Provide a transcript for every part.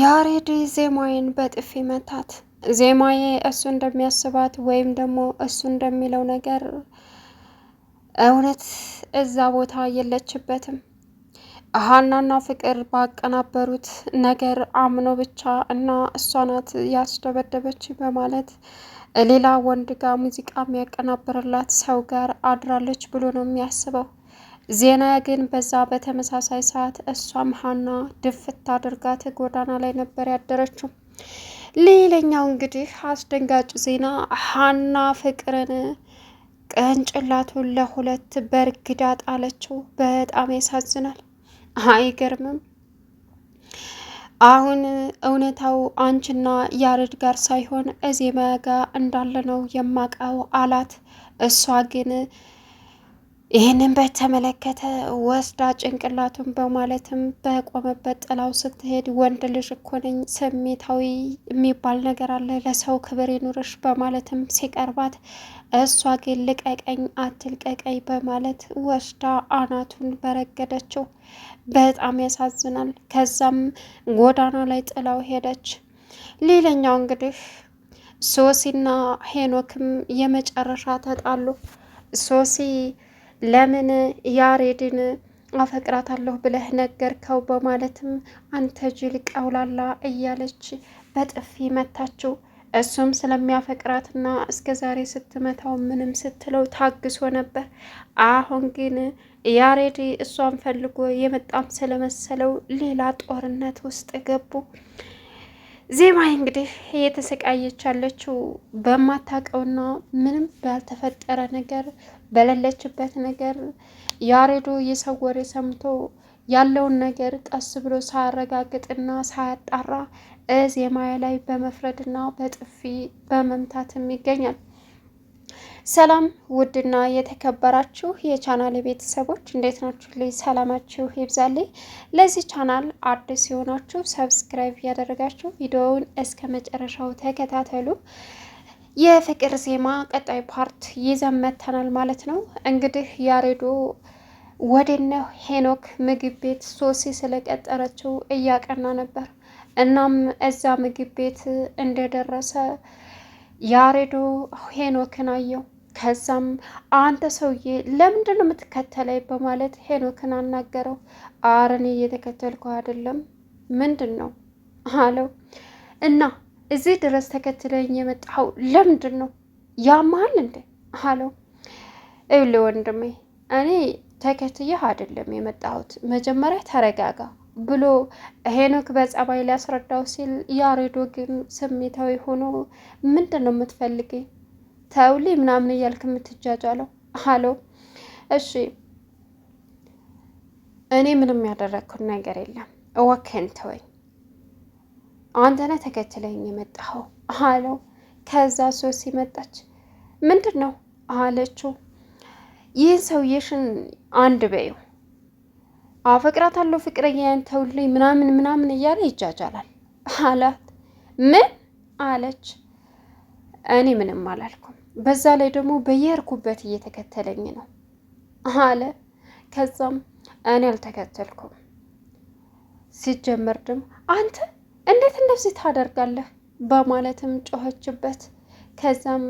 ያሬድ ዜማዬን በጥፊ መታት። ዜማዬ እሱ እንደሚያስባት ወይም ደግሞ እሱ እንደሚለው ነገር እውነት እዛ ቦታ የለችበትም። ሀናና ፍቅር ባቀናበሩት ነገር አምኖ ብቻ እና እሷ ናት ያስደበደበች በማለት ሌላ ወንድ ጋር ሙዚቃ የሚያቀናብርላት ሰው ጋር አድራለች ብሎ ነው የሚያስበው። ዜና ግን በዛ በተመሳሳይ ሰዓት እሷም ሀና ድፍት አድርጋት ጎዳና ላይ ነበር ያደረችው። ሌላኛው እንግዲህ አስደንጋጭ ዜና ሀና ፍቅርን ቅንጭላቱን ለሁለት በርግዳ ጣለችው። በጣም ያሳዝናል። አይገርምም? አሁን እውነታው አንቺና ያሬድ ጋር ሳይሆን እዚህ መያጋ እንዳለ ነው የማውቀው አላት። እሷ ግን ይህንን በተመለከተ ወስዳ ጭንቅላቱን በማለትም በቆመበት ጥላው ስትሄድ ወንድ ልጅ እኮ ነኝ ስሜታዊ የሚባል ነገር አለ፣ ለሰው ክብር ይኑርሽ በማለትም ሲቀርባት፣ እሷ ግን ልቀቀኝ፣ አትልቀቀኝ በማለት ወስዳ አናቱን በረገደችው። በጣም ያሳዝናል። ከዛም ጎዳና ላይ ጥላው ሄደች። ሌላኛው እንግዲህ ሶሲና ሄኖክም የመጨረሻ ተጣሉ። ሶሲ ለምን ያሬድን አፈቅራታለሁ ብለህ ነገርከው? በማለትም አንተ ጅል ቀውላላ እያለች በጥፊ መታችው። እሱም ስለሚያፈቅራትና እስከ ዛሬ ስትመታው ምንም ስትለው ታግሶ ነበር። አሁን ግን ያሬድ እሷን ፈልጎ የመጣም ስለመሰለው ሌላ ጦርነት ውስጥ ገቡ። ዜማይ እንግዲህ እየተሰቃየች ያለችው በማታውቀውና ምንም ባልተፈጠረ ነገር በሌለችበት ነገር ያሬዶ የሰው ወሬ ሰምቶ ያለውን ነገር ቀስ ብሎ ሳያረጋግጥና ሳያጣራ ዜማዬ ላይ በመፍረድና በጥፊ በመምታትም ይገኛል። ሰላም ውድና የተከበራችሁ የቻናል ቤተሰቦች እንዴት ናችሁ? ልይ ሰላማችሁ ይብዛልኝ። ለዚህ ቻናል አዲስ የሆናችሁ ሰብስክራይብ ያደረጋችሁ ቪዲዮውን እስከ መጨረሻው ተከታተሉ። የፍቅር ዜማ ቀጣይ ፓርት ይዘን ማለት ነው። እንግዲህ ያሬዶ ወደነ ሄኖክ ምግብ ቤት ሶሲ ስለቀጠረችው እያቀና ነበር። እናም እዛ ምግብ ቤት እንደደረሰ ያሬዶ ሄኖክን አየው። ከዛም አንተ ሰውዬ ለምንድን ነው የምትከተለኝ? በማለት ሄኖክን አናገረው። አረ እየተከተልከው እየተከተልኩ አይደለም ምንድን ነው አለው እና እዚህ ድረስ ተከትለኝ የመጣኸው ለምንድን ነው? ያመሃል እንዴ አለው። እብል ወንድሜ እኔ ተከትዬህ አይደለም የመጣሁት መጀመሪያ ተረጋጋ ብሎ ሄኖክ በጸባይ ሊያስረዳው ሲል ያሬዶ ግን ስሜታዊ ሆኖ ምንድን ነው የምትፈልግ? ተውሌ ምናምን እያልክ የምትጃጃለው አለው። እሺ እኔ ምንም ያደረግኩት ነገር የለም እወክን ተወኝ አንተነ ተከትለኝ የመጣኸው አለው። ከዛ ሶስ መጣች። ምንድን ነው አለችው። ይህን ሰውዬሽን አንድ በይው አፈቅራታለሁ ፍቅረኛዬን ተውልኝ ምናምን ምናምን እያለ ይጃጃላል አላት። ምን አለች። እኔ ምንም አላልኩም፣ በዛ ላይ ደግሞ በየርኩበት እየተከተለኝ ነው አለ። ከዛም እኔ አልተከተልኩም ሲጀመር ደግሞ አንተ እንዴት እንደዚህ ታደርጋለህ በማለትም ጮኸችበት። ከዛም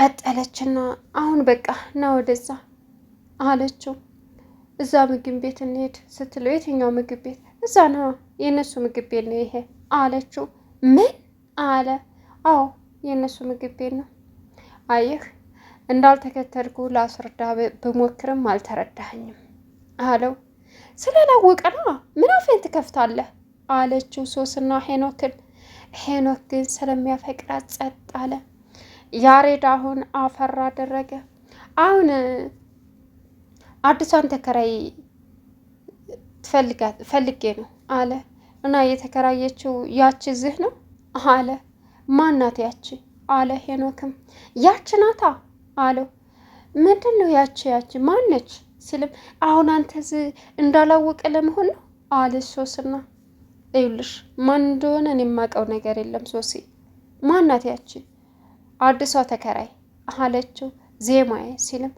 ቀጠለችና አሁን በቃ ና ወደዛ አለችው። እዛ ምግብ ቤት እንሄድ ስትለው የትኛው ምግብ ቤት? እዛ ነው የእነሱ ምግብ ቤት ነው ይሄ አለችው። ምን አለ? አዎ የእነሱ ምግብ ቤት ነው። አየህ እንዳልተከተልኩ ላስረዳ ብሞክርም አልተረዳኸኝም አለው። ስለላወቀ ምን አፌን ትከፍታለህ አለችው ሶስና ሄኖክን። ሄኖክ ግን ስለሚያፈቅራት ጸጥ አለ። ያሬድ አሁን አፈር አደረገ። አሁን አዲሷን ተከራይ ፈልጌ ነው አለ እና የተከራየችው ያቺ ዝህ ነው አለ። ማናት ያቺ አለ ሄኖክም። ያቺ ናታ አለው። ምንድን ነው ያቺ ያቺ ማነች? ሲልም አሁን አንተ እንዳላወቀ ለመሆን ነው አለ ሶስና እዩልሽ ማን እንደሆነ እኔ የማውቀው ነገር የለም ሶሲ ማናት ያቺ አዲሷ ተከራይ አለችው ዜማዬ ሲልም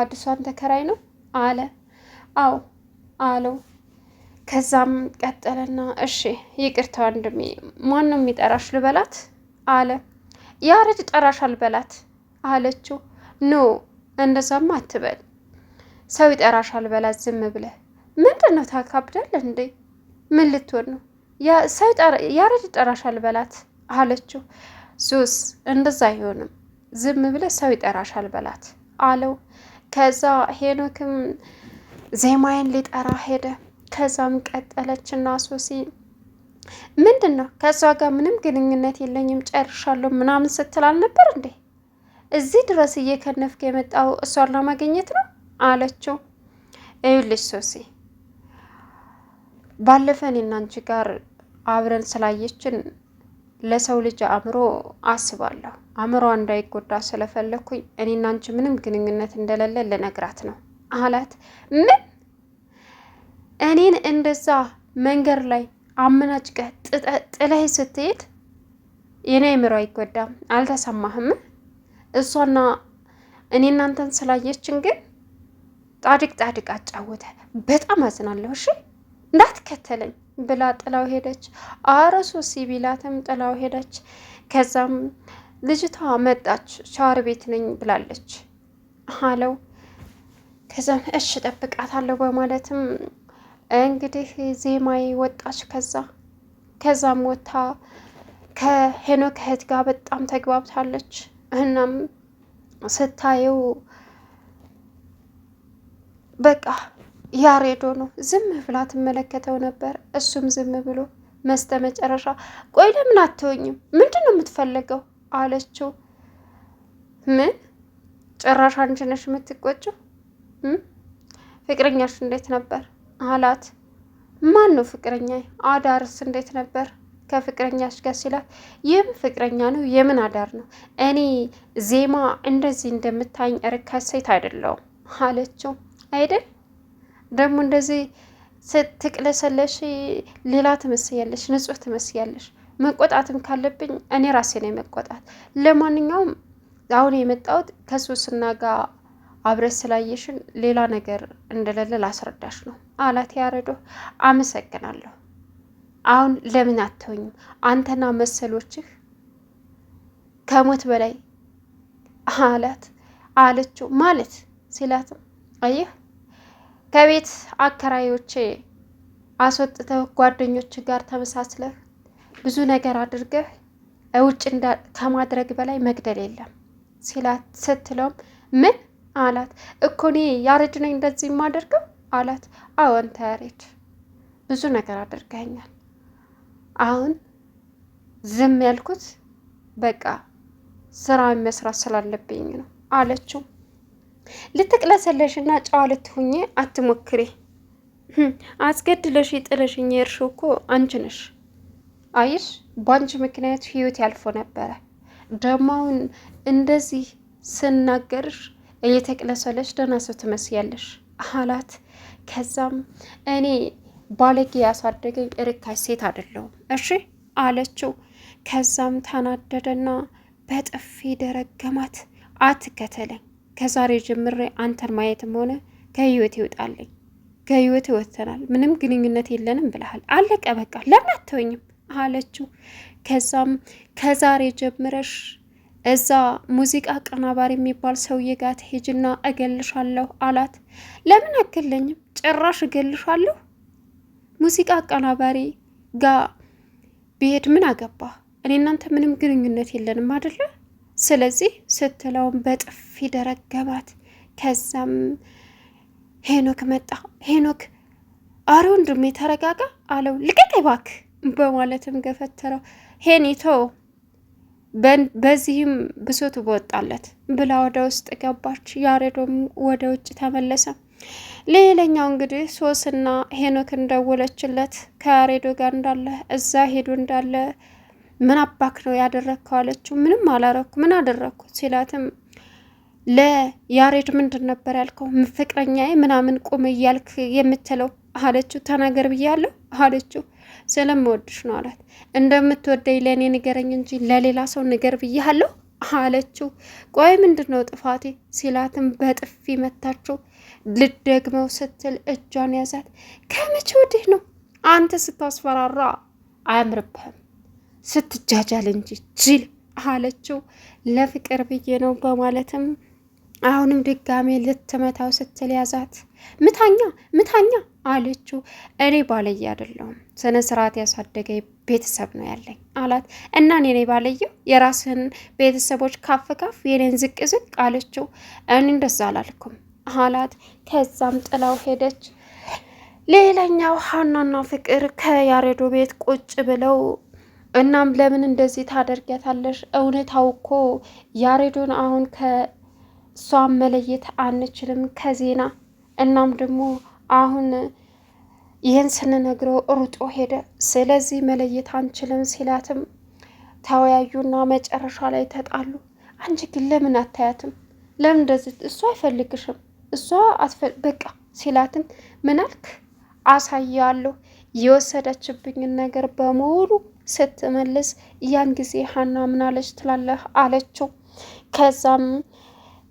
አዲሷን ተከራይ ነው አለ አዎ አለው ከዛም ቀጠለና እሺ ይቅርታ ወንድሜ ማን ነው የሚጠራሽ ልበላት አለ ያረጅ ጠራሽ አልበላት አለችው ኖ እንደዛም አትበል ሰው ይጠራሽ አልበላት ዝም ብለህ ምንድን ነው ታካብዳል እንዴ ምን ልትሆን ነው? ያረድ ይጠራሻል በላት አለችው። ሱስ እንደዛ አይሆንም፣ ዝም ብለ ሰው ይጠራሻል በላት አለው። ከዛ ሄኖክም ዜማዬን ሊጠራ ሄደ። ከዛም ቀጠለችና ሶሲ ምንድን ነው ከእሷ ጋር ምንም ግንኙነት የለኝም ጨርሻለሁ ምናምን ስትል አልነበር እንዴ? እዚህ ድረስ እየከነፍክ የመጣው እሷን ለማግኘት ነው አለችው። ይኸውልሽ ሶሴ ባለፈ እኔ አንቺ ጋር አብረን ስላየችን ለሰው ልጅ አእምሮ አስባለሁ። አእምሮ እንዳይጎዳ ስለፈለግኩኝ እኔ እናንቺ ምንም ግንኙነት እንደሌለ ልነግራት ነው አላት። ምን እኔን እንደዛ መንገድ ላይ አመናጭቀህ ጥለህ ስትሄድ የኔ አእምሮ አይጎዳም? አልተሰማህም? እሷና እኔ እናንተን ስላየችን ግን ጣድቅ ጣድቅ አጫወተ። በጣም አዝናለሁ። እሺ እንዳትከተለኝ ብላ ጥላው ሄደች። አረሱ ሲቢላትም ጥላው ሄደች። ከዛም ልጅቷ መጣች። ሻወር ቤት ነኝ ብላለች አለው። ከዛም እሽ ጠብቃታለሁ በማለትም እንግዲህ ዜማዬ ወጣች። ከዛ ከዛም ወታ ከሄኖክ እህት ጋር በጣም ተግባብታለች። እናም ስታየው በቃ ያሬዶ ነው። ዝም ብላ ትመለከተው ነበር፣ እሱም ዝም ብሎ መስተ መጨረሻ ቆይ ለምን አትወኝም? ምንድን ነው የምትፈለገው አለችው። ምን ጭራሽ አንቺ ነሽ የምትቆጭው? ፍቅረኛሽ እንዴት ነበር አላት። ማን ነው ፍቅረኛ? አዳርስ እንዴት ነበር ከፍቅረኛሽ ጋር ሲላት፣ ይህም ፍቅረኛ ነው የምን አዳር ነው? እኔ ዜማ እንደዚህ እንደምታኝ ርካት ሴት አይደለሁም አለችው። አይደል ደግሞ እንደዚህ ስትቅለሰለሽ ሌላ ትመስያለሽ፣ ንጹህ ትመስያለሽ። መቆጣትም ካለብኝ እኔ ራሴ ነው መቆጣት። ለማንኛውም አሁን የመጣሁት ከሶስና ጋር አብረት ስላየሽን ሌላ ነገር እንደሌለ ላስረዳሽ ነው አላት ያረዶ። አመሰግናለሁ። አሁን ለምን አትሆኝም? አንተና መሰሎችህ ከሞት በላይ አላት አለችው። ማለት ሲላትም አየህ ከቤት አከራዮቼ አስወጥተው ጓደኞች ጋር ተመሳስለህ ብዙ ነገር አድርገህ እውጭ ከማድረግ በላይ መግደል የለም ሲላት ስትለውም ምን አላት እኮ እኔ ነኝ እንደዚህ የማደርገው አላት። አዎንታ ያሬድ ብዙ ነገር አድርገኛል። አሁን ዝም ያልኩት በቃ ስራ መስራት ስላለብኝ ነው አለችው። ልትቅለሰለሽና ጨዋ ልትሆኚ አትሞክሪ። አስገድለሽ ጥለሽኝ የሄድሽው እኮ አንቺ ነሽ። አይሽ በአንቺ ምክንያት ህይወት ያልፎ ነበረ። ደማውን እንደዚህ ስናገርሽ እየተቅለሰለሽ ደህና ሰው ትመስያለሽ አላት። ከዛም እኔ ባለጌ ያሳደገኝ ርካሽ ሴት አይደለሁም እሺ አለችው። ከዛም ተናደደና በጥፊ ደረገማት። አትከተለኝ ከዛሬ ጀምሬ አንተን ማየትም ሆነ ከህይወት ይወጣለኝ። ከህይወት ይወተናል። ምንም ግንኙነት የለንም ብለሃል። አለቀ በቃ። ለምን አተወኝም አለችው። ከዛም ከዛሬ ጀምረሽ እዛ ሙዚቃ አቀናባሪ የሚባል ሰውዬ ጋር ትሄጅና እገልሻለሁ አላት። ለምን አገለኝም? ጭራሽ እገልሻለሁ። ሙዚቃ አቀናባሪ ጋር ብሄድ ምን አገባ? እኔ እናንተ ምንም ግንኙነት የለንም አደለ ስለዚህ ስትለውም በጥፊ ደረገባት። ከዛም ሄኖክ መጣ። ሄኖክ አረ ወንድሜ ተረጋጋ አለው። ልቀቅ እባክህ በማለትም ገፈተረው። ሄኒቶ በዚህም ብሶቱ በወጣለት ብላ ወደ ውስጥ ገባች። ያሬዶም ወደ ውጭ ተመለሰ። ሌላኛው እንግዲህ ሶስና ሄኖክ እንደወለችለት ከያሬዶ ጋር እንዳለ እዛ ሄዶ እንዳለ ምን አባክ ነው ያደረግከው አለችው። ምንም አላረኩ ምን አደረግኩ ሲላትም ለያሬድ ምንድን ነበር ያልከው? ፍቅረኛዬ ምናምን ቁም እያልክ የምትለው አለችው። ተናገር ብያለሁ አለችው። ስለምወድሽ ነው አላት። እንደምትወደኝ ለእኔ ንገረኝ እንጂ ለሌላ ሰው ንገር ብያለሁ አለችው። ቆይ ምንድን ነው ጥፋቴ ሲላትም በጥፊ መታችው። ልደግመው ስትል እጇን ያዛት። ከመቼ ወዲህ ነው አንተ ስታስፈራራ አያምርብህም ስትጃጃል እንጂ ጅል አለችው። ለፍቅር ብዬ ነው በማለትም አሁንም ድጋሜ ልትመታው ስትል ያዛት። ምታኛ ምታኛ አለችው። እኔ ባለየ አይደለሁም ስነ ስርዓት ያሳደገ ቤተሰብ ነው ያለኝ አላት። እና እኔ ባለየው የራስህን ቤተሰቦች ካፍ ካፍ የኔን ዝቅ ዝቅ አለችው። እኔ እንደዛ አላልኩም አላት። ከዛም ጥላው ሄደች። ሌላኛው ሀናና ፍቅር ከያሬዶ ቤት ቁጭ ብለው እናም ለምን እንደዚህ ታደርጊያታለሽ? እውነታው እኮ ያሬዶን አሁን ከእሷ መለየት አንችልም ከዜና እናም ደግሞ አሁን ይህን ስንነግረው ሩጦ ሄደ። ስለዚህ መለየት አንችልም ሲላትም ተወያዩና መጨረሻ ላይ ተጣሉ። አንቺ ግን ለምን አታያትም? ለምን እንደዚህ እሷ አይፈልግሽም እሷ በቃ ሲላትም ምናልክ አሳያለሁ የወሰደችብኝን ነገር በሙሉ ስትመልስ ያን ጊዜ ሀና ምናለች ትላለህ አለችው። ከዛም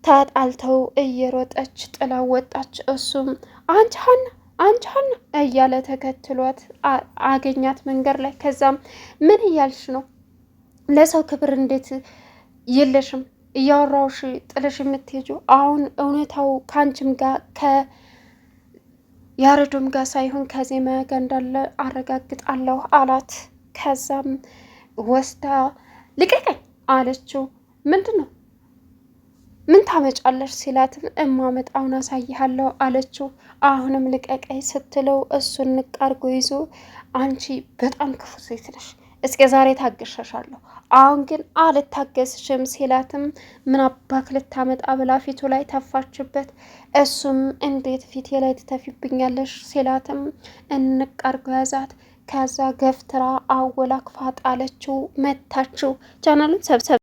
ተጣልተው እየሮጠች ጥላ ወጣች። እሱም አንቺ ሀና አንቺ ሀና እያለ ተከትሏት አገኛት መንገድ ላይ። ከዛም ምን እያልሽ ነው? ለሰው ክብር እንዴት የለሽም? እያወራውሽ ጥለሽ የምትሄጁ አሁን እውነታው ከአንቺም ጋር ከያረዶም ጋር ሳይሆን ከዜማ ጋር እንዳለ አረጋግጣለሁ አላት። ከዛም ወስዳ ልቀቀኝ አለችው። ምንድን ነው ምን ታመጫለሽ ሲላትም እማመጣውን አሳይሃለሁ አለችው። አሁንም ልቀቀኝ ስትለው እሱን ንቃርጎ ይዞ አንቺ በጣም ክፉ ሴት ነሽ፣ እስከ ዛሬ ታገሻሻለሁ፣ አሁን ግን አልታገስሽም ሲላትም ምን አባክ ልታመጣ ብላ ፊቱ ላይ ተፋችበት። እሱም እንዴት ፊቴ ላይ ትተፊብኛለሽ ሲላትም እንቃርጎ ያዛት። ከዛ ገፍትራ አወላክፋ ጣለችው፣ መታችው። ቻናሉን ሰብሰብ